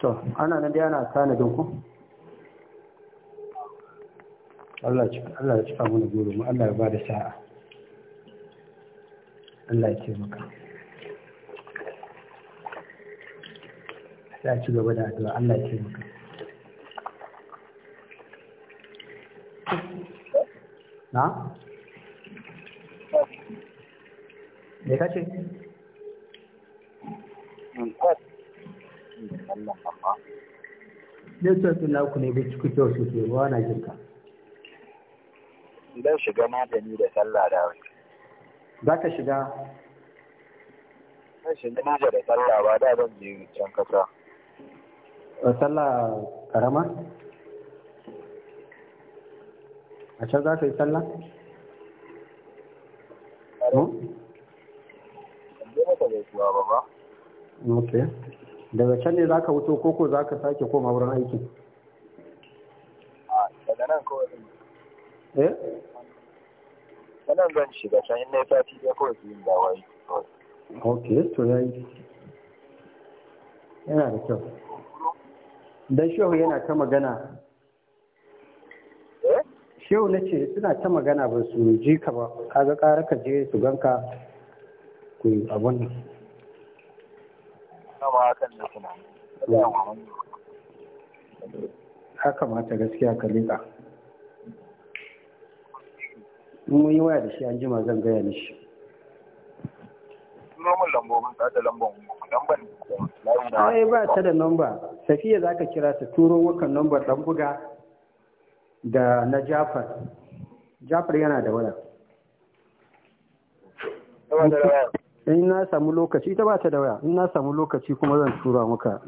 to ana nan dai ana tanadin ku Allah ya cika mana goro mu Allah ya ba da sa'a Allah ya taimaka sai a ci gaba da addu'a Allah ya taimaka na me ce? Network ɗin naku ne bai cikin kyau sosai ba na jin ka. Zan shiga magani da sallah da wani. Za ka shiga? Zan shiga Nijar da sallah ba da zan je can kasa. Sallah karama? A can za ka yi sallah? Hmm? Ok. daga can ne za ka wuto koko za ka sake koma wurin aikin daga nan kawai eh nan zan shiga can in na sati da kawai su yin dawa ok to ya yi yana da kyau don shehu yana ta magana eh? shehu na ce suna ta magana ba su ji ka ba kaga ƙara ka je su ganka ku abun nan haka mata gaskiya ka leƙa in mun yi waya da shi an jima zan gaya mishi nomin lambobin tsada lambon lamban ai ba ta da nomba safiya za ka kira ta turo wakan nombar dan buga da na jafar jafar yana da waya in na samu lokaci ita ba ta da waya in na samu lokaci kuma zan tura maka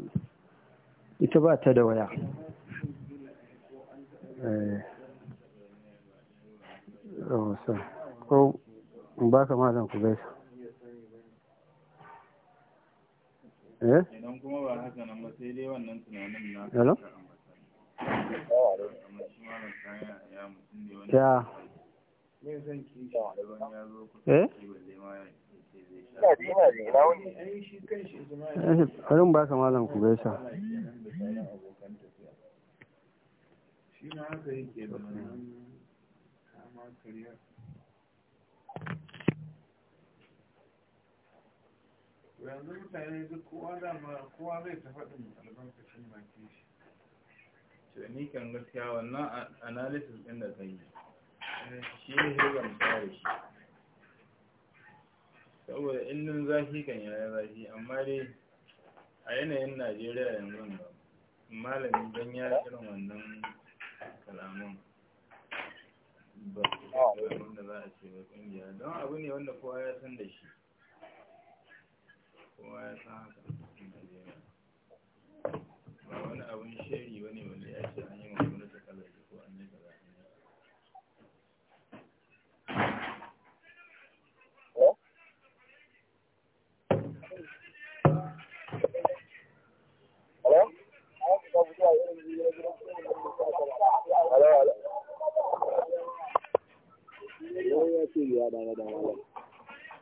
ita ba ta da waya eh. oh, ko in ba ka mazan ku gaisa eh? kuma ba haka nan ba sai dai wannan tunanin na hello? ya ne zan eh? Karin ba ka malam ku gaisa. Shi ma haka yake da kama karya. yanzu mutane duk kowa dama kowa zai ta faɗin albarkacin baki shi to ni kan gaskiya wannan analysis ɗin da zai yi shi ne hirgar misali shi saboda indin zafi kan yaya zafi amma dai a yanayin najeriya yanzu ba malami don ya irin wannan kalaman ba wanda za a ce ba kungiya don abu ne wanda kowa ya san da shi kowa ya san haka ba wani ne dáadáa dáadáa.